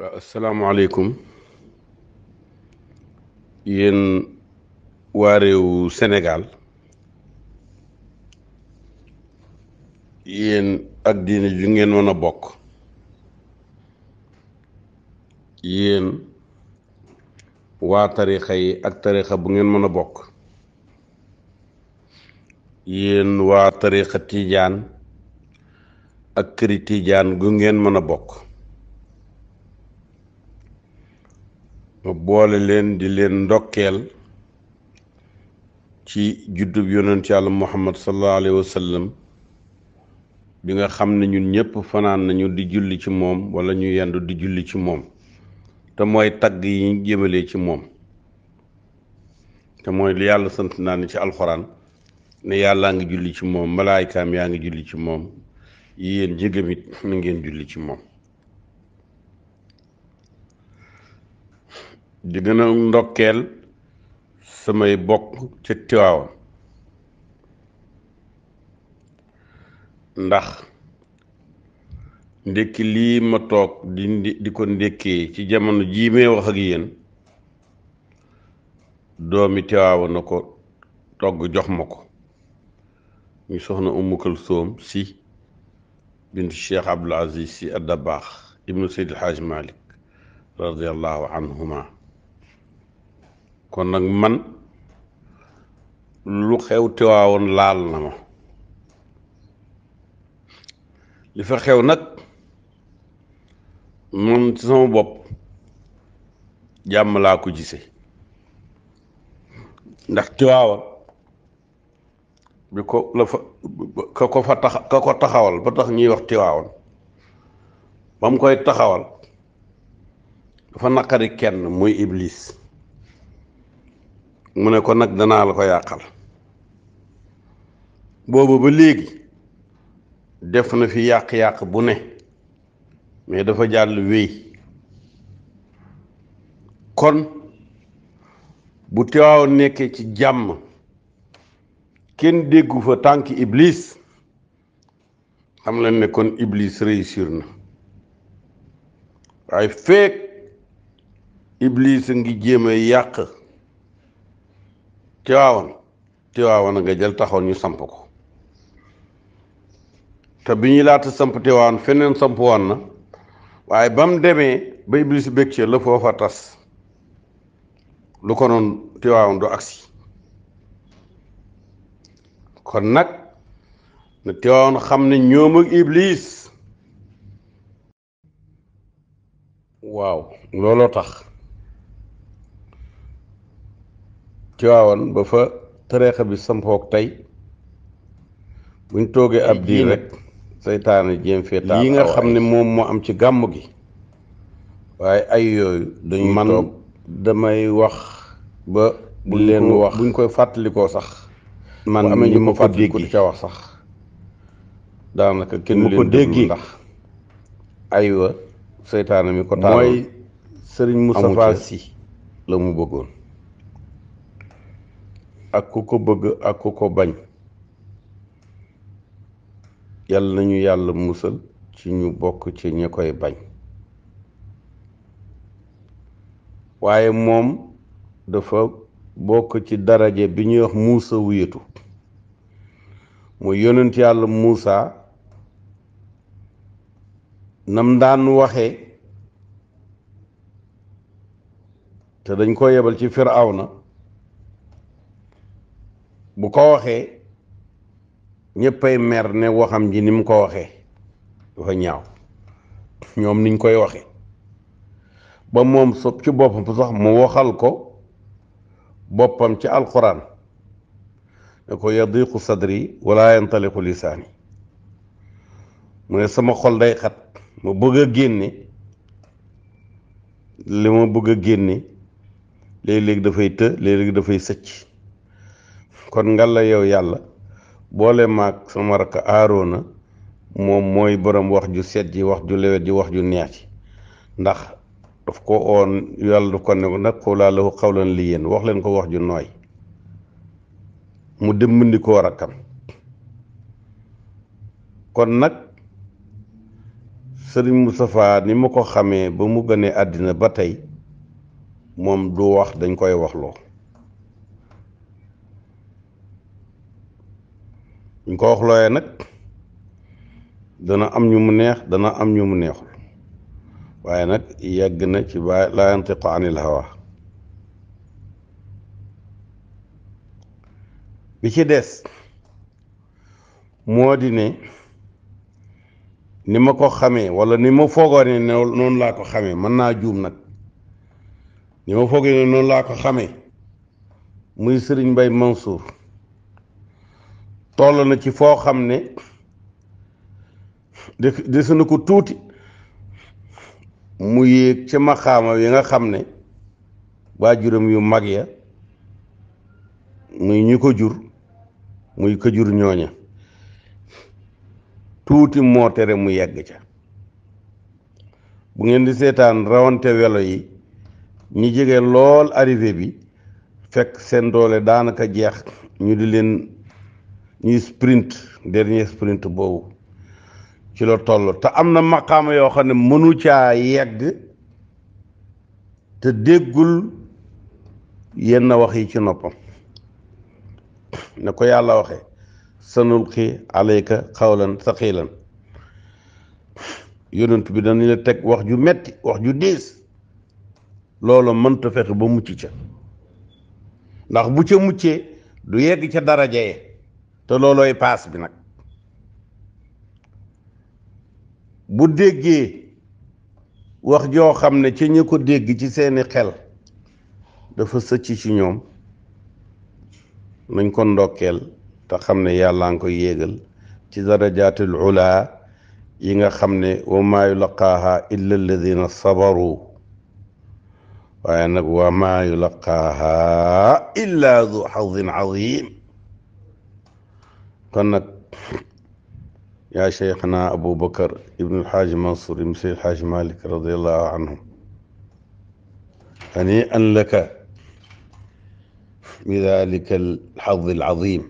waaw asalaamaaleykum yéen waa réewu Sénégal yéen ak diine ju ngeen mën a bokk yéen waa tarixa yi ak tarixa bu ngeen mën a bokk yéen waa tarixa tiijaan ak këri tiijaan gu ngeen mën a bokk boole leen di leen ndokkeel ci juddub yonent yàlla muhammad sallallahu alayhi wa bi nga xam ne ñun ñëpp fanaan nañu di julli ci moom wala ñu yendu di julli ci moom te mooy tagg yi ñu ci moom te mooy li yàlla sant naa ni ci alxuraan ne yàllaa ngi julli ci moom malaaykaam yaa ngi julli ci moom yéen jëgëm it na ngeen julli ci moom di gën a ndokkeel samay bokk ca Tiwaawan ndax ndékki lii ma toog di di ko ndékkee ci jamono jii may wax ak yéen doomi Tiwaawan na ko togg jox ma ko ñu soxna Umu Kalsoom si bint Cheikh Abdul Aziz si Addabaax ibnu Seydil Haaj Malik radiallahu anhuma kon nag man lu xew tiwaawoon laal na ma li fa xew nag man ci sama bopp jàmm laa ko gise ndax tiwaawoon bi ko la fa ka ko fa tax ka ko taxawal ba tax ñuy wax tiwaawoon ba koy taxawal dafa naqari kenn muy iblis mu ne ko nag danaa la ko yàqal booba ba léegi def na fi yàq-yàq bu ne mais dafa jàll wéy kon bu teewaaw nekkee ci jàmm kenn déggu fa tànk iblis xam leen ne kon iblis réussir na waaye feek iblis ngi jéem a yàq tiwaawan tiwaawan nga jël taxoon ñu samp ko te bi ñuy laata samp tiwaawan feneen samp woon na waaye ba mu demee ba iblis bég ci la foofa tas lu ko noon tiwaawan du agsi kon nag na tiwaawan xam ne ñoom ibliis iblis waaw looloo tax Tiwaawan ba fa tariixa bi sampoog tey buñ toogee ab diir rek seytaane jéem fee taal yi nga xam ne moom moo am ci gàmm gi waaye ay yooyu dañuy man damay wax ba bu leen wax buñ koy fàttalikoo sax man amee ñu ma fàttaliku di ca wax sax daanaka kenn mu ko déggi ndax aywa seytaane mi ko taal mooy sëriñ Moustapha Sy la mu bëggoon ak ku ko bëgg ak ku ko bañ yàlla nañu yàlla musal ci ñu bokk ci ñi koy bañ waaye moom dafa bokk ci daraje bi ñuy wax muusa wéetu mu yonent yàlla muusa nam daan waxe te dañ ko yebal ci na bu ko waxee ñëppay mer ne waxam ji ni mu ko waxee dafa ñaaw ñoom niñ koy waxee ba moom sob ci boppam sax mu waxal ko boppam ci alxuraan ne ko yadiqu sadri wala yantaliqu lisaani mu ne sama xol day xat ma bëgg a génne li ma bëgg a génne léeg-léeg dafay të léeg-léeg dafay sëcc kon la yow yàlla boole maag sama rakk aaroona moom mooy borom wax ju set ji wax ju lewet ji wax ju neex ci ndax daf ko oon yàlla daf ko ne nag qulaa lahu qawlan layyinan wax leen ko wax ju nooy mu dem mën rakkam kon nag sëriñ Moustapha ni ma ko xamee ba mu gënee àddina ba tey moom du wax dañ koy waxloo buñ ko wax looyee nag dana am ñu mu neex dana am ñu mu neexul waaye nag yegg na ci ba laa yantiqu anil hawa bi ci des moo di ne ni ma ko xamee wala ni ma foogoo ne noonu laa ko xamee mën naa juum nag ni ma foogee noonu laa ko xamee muy sëriñ Mbay Mansour toll na ci foo xam ne desu na ko tuuti mu yéeg ca maxaama yi nga xam ne waajuram yu mag ya muy ñi ko jur muy ko jur ñooña tuuti moo tere mu yegg ca bu ngeen di seetaan rawante welo yi ñu jege lool arrivé bi fekk seen doole daanaka jeex ñu di leen ñuy sprint dernier sprint boobu ci la toll te am na maqaama yoo xam ne mënul caa yegg te déggul yenn wax yi ci noppam ne ko yàlla waxee sanulqi alayka xawlan saqilan yonant bi dañu la teg wax ju metti wax ju diis loolu mënta fexe ba mucc ca ndax bu ca muccee du yegg ca daraja ye te loolooy paas bi nag bu déggee wax joo xam ne ci ñi ko dégg ci seeni xel dafa sëcc ci ñoom nañ ko ndokkeel te xam ne yàllaa ngi koy yéegal ci darajaatil ula yi nga xam ne wa maa yulaqaaha illa alladina sabaru waaye nag wa maa yulaqaaha illa du kon nag yaa cheikhana abou bakar ibnu alxaaji mansour ibnu seydi alxaaji malik radiallahu anhu hani an laka bi dalika alxad alazim